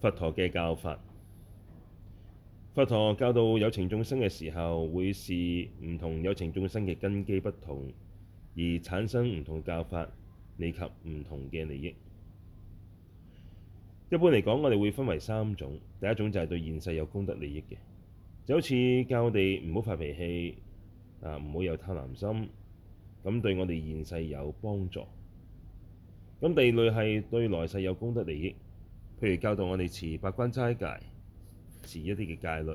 佛陀嘅教法，佛陀教到有情眾生嘅時候，會視唔同有情眾生嘅根基不同而產生唔同教法，以及唔同嘅利益。一般嚟講，我哋會分為三種：第一種就係對現世有功德利益嘅，就好似教我哋唔好發脾氣，啊，唔好有貪婪心，咁對我哋現世有幫助。咁第二類係對來世有功德利益。譬如教導我哋持八關齋戒，持一啲嘅戒律，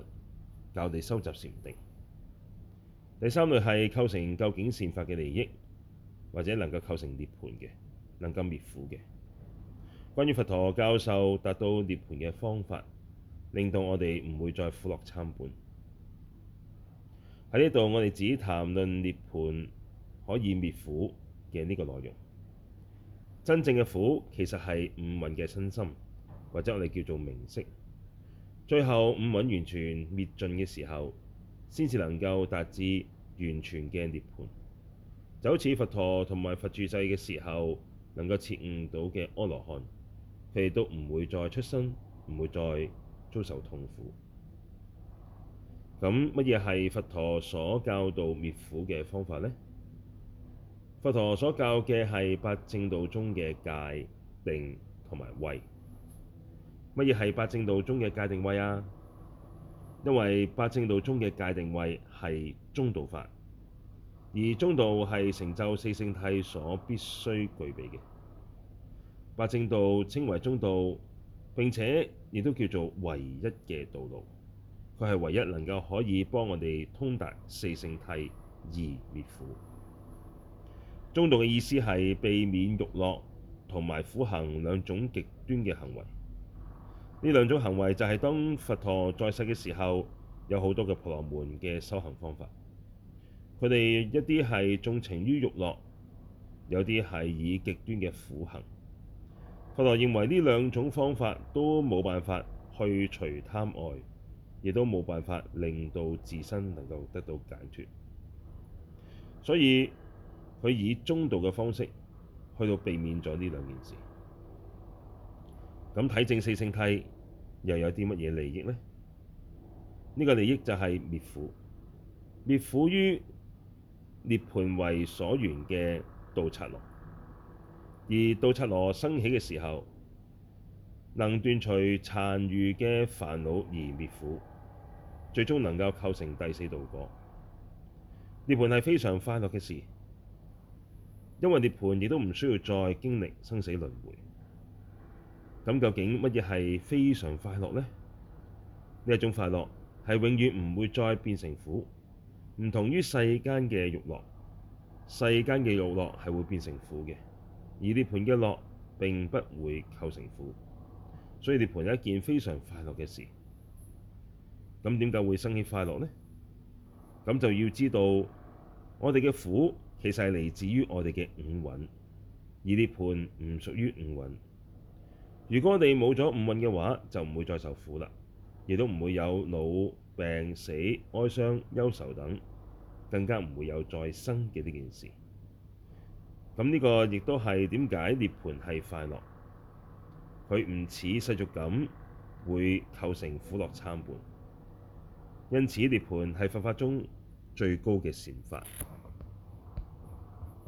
教我哋收集禪定。第三類係構成究竟善法嘅利益，或者能夠構成涅槃嘅，能夠滅苦嘅。關於佛陀教授達到涅槃嘅方法，令到我哋唔會再苦樂參半。喺呢度，我哋只談論涅槃可以滅苦嘅呢個內容。真正嘅苦其實係五蘊嘅身心。或者我哋叫做名色，最後五蘊完全滅盡嘅時候，先至能夠達至完全嘅涅槃。就好似佛陀同埋佛住世嘅時候能夠切悟到嘅阿羅漢，佢哋都唔會再出生，唔會再遭受痛苦。咁乜嘢係佛陀所教導滅苦嘅方法呢？佛陀所教嘅係八正道中嘅戒、定同埋慧。乜嘢係八正道中嘅界定位啊？因為八正道中嘅界定位係中道法，而中道係成就四聖諦所必須具備嘅。八正道稱為中道，並且亦都叫做唯一嘅道路。佢係唯一能夠可以幫我哋通達四聖諦而滅苦。中道嘅意思係避免慾樂同埋苦行兩種極端嘅行為。呢兩種行為就係當佛陀在世嘅時候，有好多嘅婆羅門嘅修行方法。佢哋一啲係縱情於慾樂，有啲係以極端嘅苦行。佛陀認為呢兩種方法都冇辦法去除貪愛，亦都冇辦法令到自身能夠得到解脱。所以佢以中道嘅方式去到避免咗呢兩件事。咁睇正四聖諦。又有啲乜嘢利益呢？呢、呢個利益就係滅苦，滅苦於涅盤為所緣嘅道策羅。而道策羅生起嘅時候，能斷除殘餘嘅煩惱而滅苦，最終能夠構成第四道果。涅盤係非常快樂嘅事，因為涅盤亦都唔需要再經歷生死輪迴。咁究竟乜嘢係非常快樂呢？呢一種快樂係永遠唔會再變成苦，唔同於世間嘅慾樂。世間嘅慾樂係會變成苦嘅，而涅槃嘅樂並不會構成苦，所以涅槃係一件非常快樂嘅事。咁點解會生起快樂呢？咁就要知道我哋嘅苦其實係嚟自於我哋嘅五蘊，而涅槃唔屬於五蘊。如果我哋冇咗五蘊嘅話，就唔會再受苦啦，亦都唔會有老病死、哀傷、憂愁等，更加唔會有再生嘅呢件事。咁呢個亦都係點解涅槃係快樂？佢唔似世俗咁會構成苦樂參半，因此涅槃係佛法中最高嘅善法。